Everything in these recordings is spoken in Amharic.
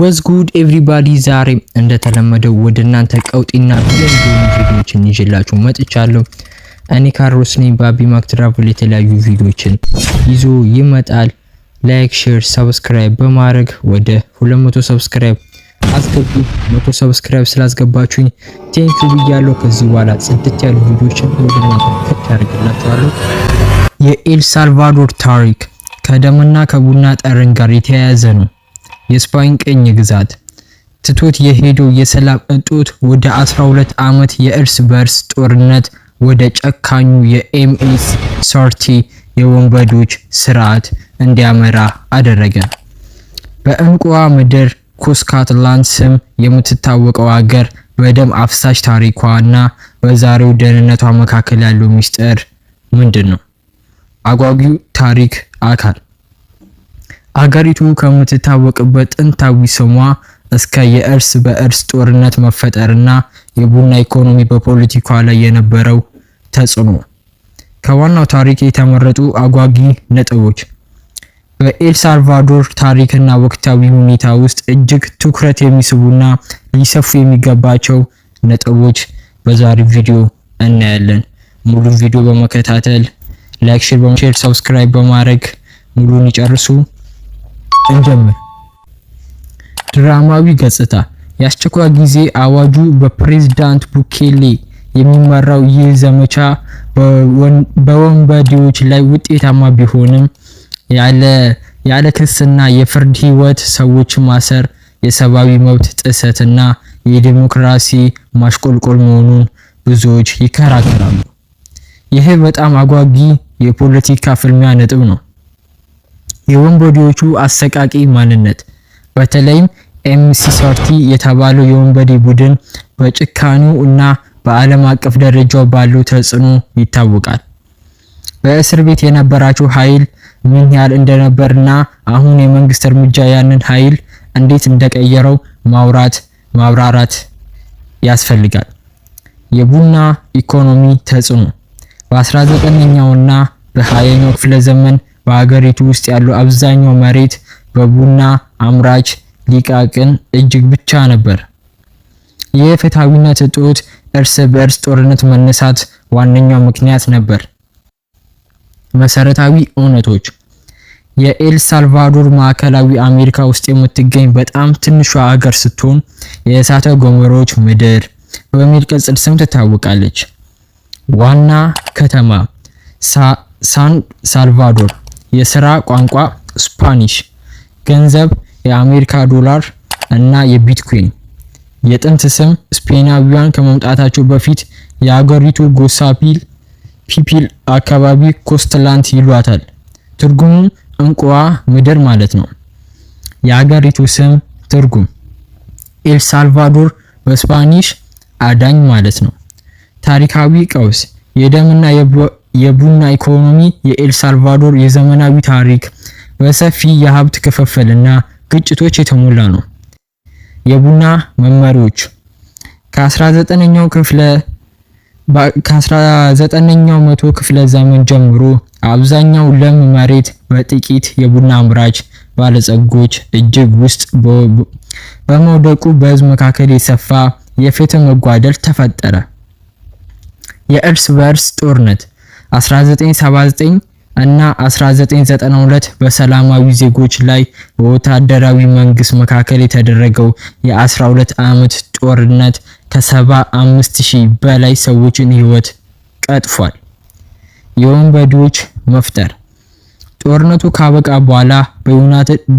ወዝ ጉድ ኤቭሪባዲ ዛሬ እንደተለመደው ወደ እናንተ ቀውጢና ብለን ቪዲዮዎችን ይዤላችሁ መጥቻለሁ። እኔ ካርሎስ ነኝ። ባቢ ማክ ትራቭል የተለያዩ ቪዲዮዎችን ይዞ ይመጣል። ላይክ፣ ሼር፣ ሰብስክራይብ በማድረግ ወደ 200 ሰብስክራይብ አስገቡ። 100 ሰብስክራይብ ስላስገባችሁኝ ቴንክ ብያለሁ። ከዚህ በኋላ ጽድት ያሉ ቪዲዮዎችን ወደ እናንተ ከቻርግላችኋለሁ። የኤልሳልቫዶር ታሪክ ከደምና ከቡና ጠረን ጋር የተያያዘ ነው። የስፓይን ቅኝ ግዛት ትቶት የሄደው የሰላም እጦት ወደ 12 ዓመት የእርስ በርስ ጦርነት ወደ ጨካኙ የኤምኤስ ሰርቲ የወንበዶች ስርዓት እንዲያመራ አደረገ። በእንቋ ምድር ኮስካትላንድ ስም የምትታወቀው ሀገር በደም አፍሳሽ እና በዛሬው ደህንነቷ መካከል ያለው ሚስጥር ምንድን ነው? አጓጊው ታሪክ አካል አገሪቱ ከምትታወቅበት ጥንታዊ ስሟ እስከ የእርስ በእርስ ጦርነት መፈጠርና የቡና ኢኮኖሚ በፖለቲካ ላይ የነበረው ተጽዕኖ ከዋናው ታሪክ የተመረጡ አጓጊ ነጥቦች በኤልሳልቫዶር ታሪክና ወቅታዊ ሁኔታ ውስጥ እጅግ ትኩረት የሚስቡና ሊሰፉ የሚገባቸው ነጥቦች በዛሬ ቪዲዮ እናያለን። ሙሉ ቪዲዮ በመከታተል ላይክ፣ ሼር በመሼር ሰብስክራይብ በማድረግ ሙሉን ይጨርሱ። እንጀምር። ድራማዊ ገጽታ የአስቸኳይ ጊዜ አዋጁ በፕሬዝዳንት ቡኬሌ የሚመራው ይህ ዘመቻ በወንበዴዎች ላይ ውጤታማ ቢሆንም ያለ ያለ ክስና የፍርድ ህይወት ሰዎች ማሰር የሰብአዊ መብት ጥሰትና የዲሞክራሲ ማሽቆልቆል መሆኑን ብዙዎች ይከራከራሉ። ይሄ በጣም አጓጊ የፖለቲካ ፍልሚያ ነጥብ ነው። የወንበዴዎቹ አሰቃቂ ማንነት በተለይም ኤምሲሰርቲ የተባለው የወንበዴ ቡድን በጭካኑ እና በዓለም አቀፍ ደረጃው ባለው ተጽዕኖ ይታወቃል። በእስር ቤት የነበራቸው ኃይል ምን ያህል እንደነበርና አሁን የመንግስት እርምጃ ያንን ኃይል እንዴት እንደቀየረው ማውራት ማብራራት ያስፈልጋል። የቡና ኢኮኖሚ ተጽዕኖ በ19ኛውና በሃያኛው ክፍለ ዘመን በሀገሪቱ ውስጥ ያለው አብዛኛው መሬት በቡና አምራች ሊቃቅን እጅግ ብቻ ነበር። ይህ ፍትሐዊነት እጦት እርስ በእርስ ጦርነት መነሳት ዋነኛው ምክንያት ነበር። መሰረታዊ እውነቶች የኤል ሳልቫዶር ማዕከላዊ አሜሪካ ውስጥ የምትገኝ በጣም ትንሿ ሀገር ስትሆን የእሳተ ገሞራዎች ምድር በሚል ቅጽል ስም ትታወቃለች። ዋና ከተማ ሳን ሳልቫዶር፣ የስራ ቋንቋ ስፓኒሽ፣ ገንዘብ የአሜሪካ ዶላር እና የቢትኮይን። የጥንት ስም ስፔናዊያን ከመምጣታቸው በፊት የአገሪቱ ጎሳፒል ፒፒል አካባቢ ኮስትላንት ይሏታል። ትርጉሙ እንቁዋ ምድር ማለት ነው። የአገሪቱ ስም ትርጉም ኤል ሳልቫዶር በስፓኒሽ አዳኝ ማለት ነው። ታሪካዊ ቀውስ የደምና የቡና ኢኮኖሚ የኤልሳልቫዶር የዘመናዊ ታሪክ በሰፊ የሀብት ክፍፍልና ግጭቶች የተሞላ ነው። የቡና መመሪያዎች ከ19ኛው ክፍለ ከ19ኛው መቶ ክፍለ ዘመን ጀምሮ አብዛኛው ለም መሬት በጥቂት የቡና አምራች ባለጸጎች እጅግ ውስጥ በመውደቁ በሕዝብ መካከል የሰፋ የፍትህ መጓደል ተፈጠረ። የእርስ በእርስ ጦርነት 1979 እና 1992 በሰላማዊ ዜጎች ላይ በወታደራዊ መንግስት መካከል የተደረገው የ12 ዓመት ጦርነት ከ75000 በላይ ሰዎችን ህይወት ቀጥፏል። የወንበዴዎች መፍጠር ጦርነቱ ካበቃ በኋላ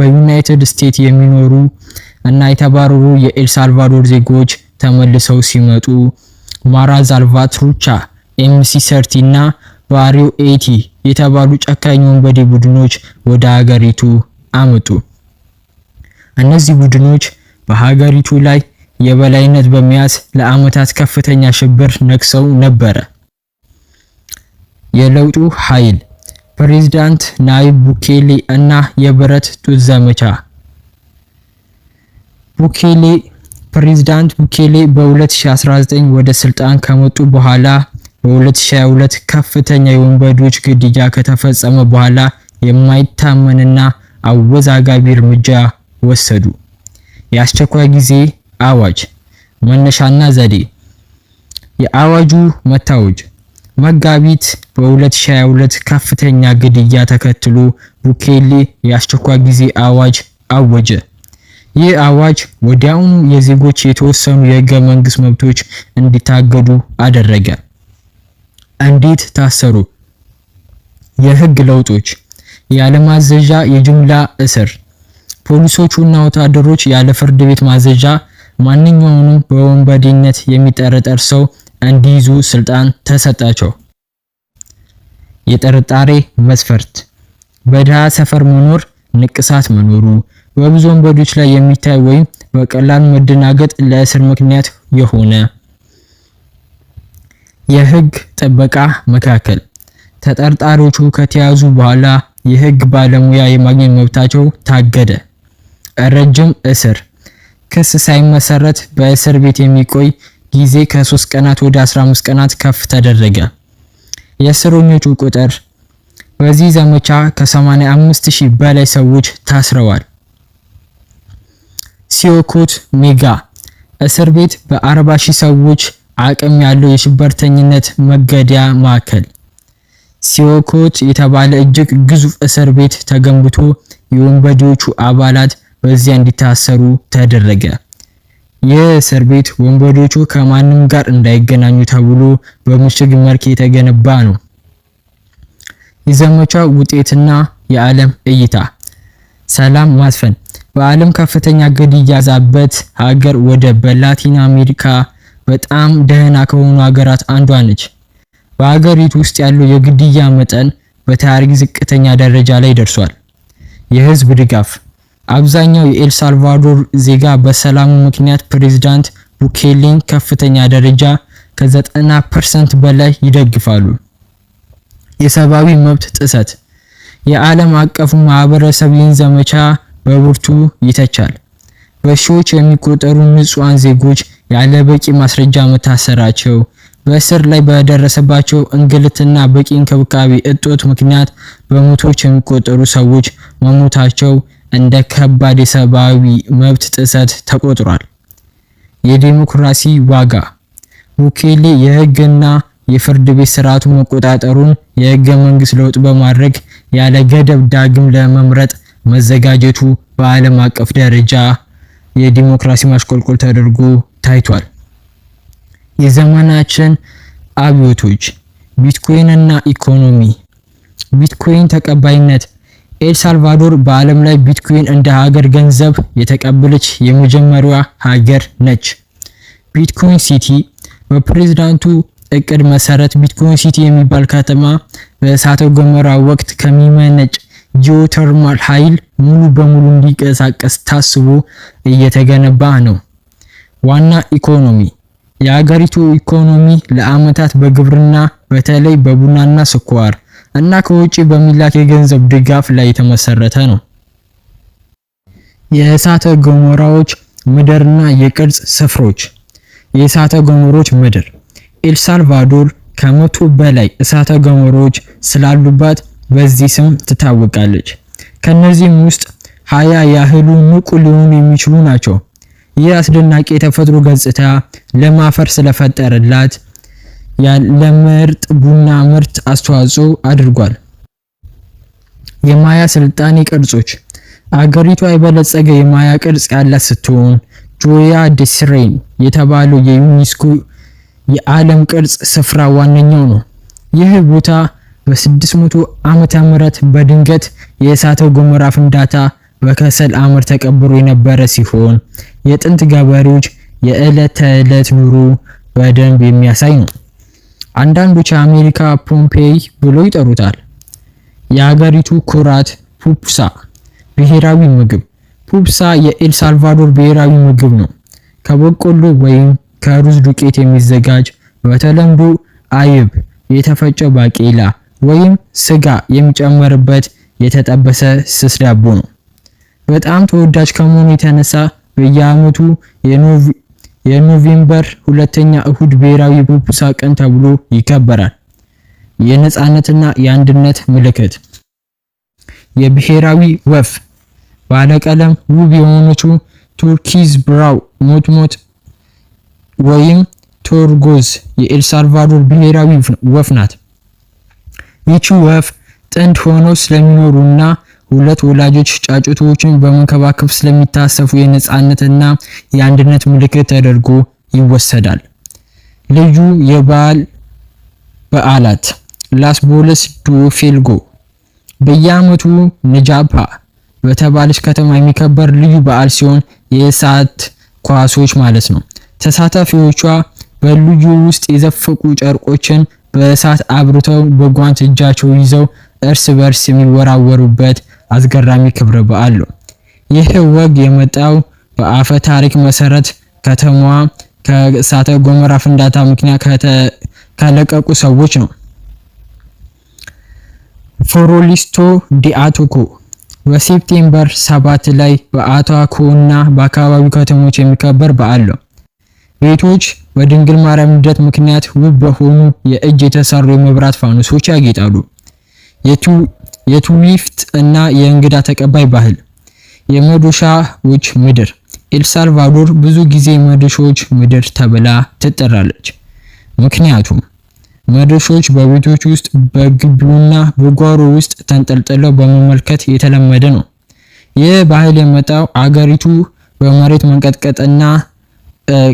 በዩናይትድ ስቴትስ የሚኖሩ እና የተባረሩ የኤልሳልቫዶር ዜጎች ተመልሰው ሲመጡ ማራ ዛልቫትሩቻ ኤምሲ ሰርቲ እና ባሪው ኤቲ የተባሉ ጨካኝ ወንበዴ ቡድኖች ወደ ሀገሪቱ አመጡ። እነዚህ ቡድኖች በሀገሪቱ ላይ የበላይነት በመያዝ ለአመታት ከፍተኛ ሽብር ነክሰው ነበረ። የለውጡ ኃይል ፕሬዝዳንት ናይብ ቡኬሌ እና የብረት ጡት ዘመቻ ቡኬሌ ፕሬዝዳንት ቡኬሌ በ2019 ወደ ስልጣን ከመጡ በኋላ በ2022 ከፍተኛ የወንበዶች ግድያ ከተፈጸመ በኋላ የማይታመንና አወዛጋቢ እርምጃ ወሰዱ። የአስቸኳይ ጊዜ አዋጅ መነሻና ዘዴ። የአዋጁ መታወጅ መጋቢት በ2022 ከፍተኛ ግድያ ተከትሎ ቡኬሌ የአስቸኳይ ጊዜ አዋጅ አወጀ። ይህ አዋጅ ወዲያውኑ የዜጎች የተወሰኑ የህገ መንግስት መብቶች እንዲታገዱ አደረገ። እንዴት ታሰሩ? የህግ ለውጦች፣ ያለማዘዣ የጅምላ እስር፣ ፖሊሶቹና ወታደሮች ያለ ፍርድ ቤት ማዘዣ ማንኛውንም በወንበዴነት የሚጠረጠር ሰው እንዲይዙ ስልጣን ተሰጣቸው። የጥርጣሬ መስፈርት፣ በድሃ ሰፈር መኖር ንቅሳት መኖሩ፣ በብዙ ወንበዶች ላይ የሚታይ ወይም በቀላል መደናገጥ ለእስር ምክንያት የሆነ የህግ ጥበቃ መካከል ተጠርጣሪዎቹ ከተያዙ በኋላ የህግ ባለሙያ የማግኘት መብታቸው ታገደ። ረጅም እስር፣ ክስ ሳይመሰረት በእስር ቤት የሚቆይ ጊዜ ከ3 ቀናት ወደ 15 ቀናት ከፍ ተደረገ። የእስረኞቹ ቁጥር በዚህ ዘመቻ ከ85000 በላይ ሰዎች ታስረዋል። ሲዮኩት ሜጋ እስር ቤት በ40000 ሰዎች አቅም ያለው የሽብርተኝነት መገደያ ማዕከል ሲዮኮት የተባለ እጅግ ግዙፍ እስር ቤት ተገንብቶ የወንበዴዎቹ አባላት በዚያ እንዲታሰሩ ተደረገ። ይህ እስር ቤት ወንበዴዎቹ ከማንም ጋር እንዳይገናኙ ተብሎ በምሽግ መልክ የተገነባ ነው። የዘመቻ ውጤትና የዓለም እይታ ሰላም ማስፈን በዓለም ከፍተኛ ግድያ ያዛበት ሀገር ወደ በላቲን አሜሪካ በጣም ደህና ከሆኑ ሀገራት አንዷ ነች። በሀገሪቱ ውስጥ ያለው የግድያ መጠን በታሪክ ዝቅተኛ ደረጃ ላይ ደርሷል። የህዝብ ድጋፍ አብዛኛው የኤልሳልቫዶር ዜጋ በሰላሙ ምክንያት ፕሬዝዳንት ቡኬሊን ከፍተኛ ደረጃ ከ90% በላይ ይደግፋሉ። የሰብአዊ መብት ጥሰት የዓለም አቀፉ ማህበረሰብ ይህን ዘመቻ በብርቱ ይተቻል። በሺዎች የሚቆጠሩ ንጹሃን ዜጎች ያለ በቂ ማስረጃ መታሰራቸው፣ በእስር ላይ በደረሰባቸው እንግልትና በቂ እንክብካቤ እጦት ምክንያት በመቶዎች የሚቆጠሩ ሰዎች መሞታቸው እንደ ከባድ የሰብአዊ መብት ጥሰት ተቆጥሯል። የዲሞክራሲ ዋጋ ሙኬሌ የህግና የፍርድ ቤት ስርዓቱ መቆጣጠሩን የህገ መንግስት ለውጥ በማድረግ ያለ ገደብ ዳግም ለመምረጥ መዘጋጀቱ በዓለም አቀፍ ደረጃ የዲሞክራሲ ማሽቆልቆል ተደርጎ ታይቷል። የዘመናችን አብዮቶች ቢትኮይን እና ኢኮኖሚ። ቢትኮይን ተቀባይነት ኤል ሳልቫዶር በዓለም ላይ ቢትኮይን እንደ ሀገር ገንዘብ የተቀበለች የመጀመሪያ ሀገር ነች። ቢትኮይን ሲቲ በፕሬዝዳንቱ እቅድ መሰረት ቢትኮይን ሲቲ የሚባል ከተማ በእሳተ ገሞራ ወቅት ከሚመነጭ ጂኦተርማል ኃይል ሙሉ በሙሉ እንዲንቀሳቀስ ታስቦ እየተገነባ ነው። ዋና ኢኮኖሚ የሀገሪቱ ኢኮኖሚ ለአመታት በግብርና በተለይ በቡናና ስኳር እና ከውጪ በሚላክ የገንዘብ ድጋፍ ላይ የተመሰረተ ነው። የእሳተ ገሞራዎች ምድርና የቅርጽ ስፍሮች የእሳተ ገሞሮች ምድር ኤልሳልቫዶር ከመቶ በላይ እሳተ ገሞሮች ስላሉባት በዚህ ስም ትታወቃለች። ከነዚህም ውስጥ ሀያ ያህሉ ንቁ ሊሆኑ የሚችሉ ናቸው። ይህ አስደናቂ የተፈጥሮ ገጽታ ለም አፈር ስለፈጠረላት ለምርጥ ቡና ምርት አስተዋጽኦ አድርጓል። የማያ ስልጣኔ ቅርጾች አገሪቷ የበለጸገ የማያ ቅርጽ ያላት ስትሆን ጆያ ዲስሬን የተባለው የዩኒስኮ የዓለም ቅርጽ ስፍራ ዋነኛው ነው። ይህ ቦታ በ600 ዓመተ ምህረት በድንገት የእሳተ ገሞራ ፍንዳታ በከሰል አመድ ተቀብሮ የነበረ ሲሆን የጥንት ገበሬዎች የዕለት ተዕለት ኑሮ በደንብ የሚያሳይ ነው። አንዳንዶች የአሜሪካ ፖምፔይ ብሎ ይጠሩታል። የሀገሪቱ ኩራት ፑፕሳ ብሔራዊ ምግብ። ፑፕሳ የኤልሳልቫዶር ብሔራዊ ምግብ ነው። ከበቆሎ ወይም ከሩዝ ዱቄት የሚዘጋጅ በተለምዶ አይብ፣ የተፈጨ ባቄላ ወይም ስጋ የሚጨመርበት የተጠበሰ ስስ ዳቦ ነው። በጣም ተወዳጅ ከመሆኑ የተነሳ በየዓመቱ የኖቬምበር ሁለተኛ እሁድ ብሔራዊ ቡቡሳ ቀን ተብሎ ይከበራል። የነፃነትና የአንድነት ምልክት የብሔራዊ ወፍ ባለቀለም ውብ የሆነችው ቱርኪዝ ብራው ሞትሞት ወይም ቶርጎዝ የኤልሳልቫዶር ብሔራዊ ወፍ ናት። ይቺ ወፍ ጥንድ ሆነው ስለሚኖሩና ሁለት ወላጆች ጫጩቶችን በመንከባከብ ስለሚታሰፉ የነጻነትና የአንድነት ምልክት ተደርጎ ይወሰዳል። ልዩ የበዓል በዓላት ላስ ቦለስ ዱ ፌልጎ በየዓመቱ ንጃፓ በተባለች ከተማ የሚከበር ልዩ በዓል ሲሆን የእሳት ኳሶች ማለት ነው። ተሳታፊዎቿ በልዩ ውስጥ የዘፈቁ ጨርቆችን በእሳት አብርተው በጓንት እጃቸው ይዘው እርስ በርስ የሚወራወሩበት አስገራሚ ክብረ በዓል ነው። ይህ ወግ የመጣው በአፈ ታሪክ መሰረት ከተማዋ ከእሳተ ገሞራ ፍንዳታ ምክንያት ከለቀቁ ሰዎች ነው። ፎሮሊስቶ ዲአቶኮ በሴፕቴምበር 7 ላይ በአቶኮ እና በአካባቢው ከተሞች የሚከበር በዓል ነው። ቤቶች በድንግል ማርያም ልደት ምክንያት ውብ በሆኑ የእጅ የተሰሩ የመብራት ፋኖሶች ያጌጣሉ። የቱሪስት እና የእንግዳ ተቀባይ ባህል የመዶሻዎች ምድር ኤልሳልቫዶር ብዙ ጊዜ መዶሻዎች ምድር ተብላ ትጠራለች። ምክንያቱም መዶሻዎች በቤቶች ውስጥ በግቢውና በጓሮ ውስጥ ተንጠልጥለው በመመልከት የተለመደ ነው። ይህ ባህል የመጣው አገሪቱ በመሬት መንቀጥቀጥና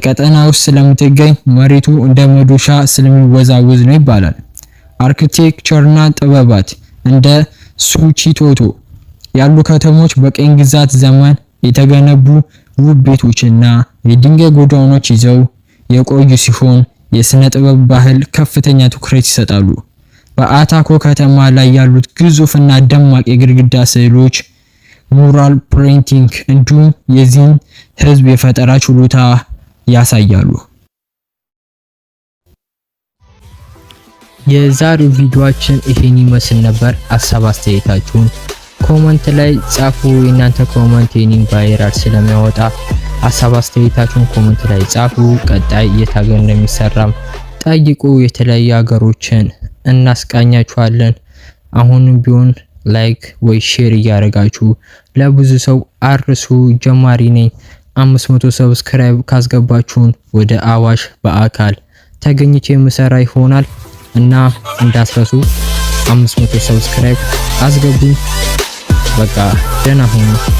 ቀጠና ውስጥ ስለምትገኝ መሬቱ እንደ መዶሻ ስለሚወዛወዝ ነው ይባላል። አርኪቴክቸርና ጥበባት እንደ ሱቺቶቶ ያሉ ከተሞች በቅኝ ግዛት ዘመን የተገነቡ ውብ ቤቶችና የድንጋይ ጎዳናዎች ይዘው የቆዩ ሲሆን የሥነ ጥበብ ባህል ከፍተኛ ትኩረት ይሰጣሉ። በአታኮ ከተማ ላይ ያሉት ግዙፍና ደማቅ የግድግዳ ስዕሎች፣ ሙራል ፕሪንቲንግ እንዲሁም የዚህን ሕዝብ የፈጠራ ችሎታ ያሳያሉ። የዛሬው ቪዲዮአችን ይሄን ይመስል ነበር። አሳብ አስተያየታችሁን ኮመንት ላይ ጻፉ። የእናንተ ኮመንት የኔን ቫይራል ስለሚያወጣ አሳብ አስተያየታችሁን ኮመንት ላይ ጻፉ። ቀጣይ የት ሀገር እንደሚሰራም ጠይቁ። የተለያዩ ሀገሮችን እናስቃኛችኋለን። አሁንም ቢሆን ላይክ ወይ ሼር እያደረጋችሁ ለብዙ ሰው አርሱ። ጀማሪ ነኝ። 500 ሰብስክራይብ ካስገባችሁን ወደ አዋሽ በአካል ተገኝቼ የምሰራ ይሆናል። እና እንዳትረሱ 500 ሰብስክራይብ አስገቡ። በቃ ደህና ሁኑ።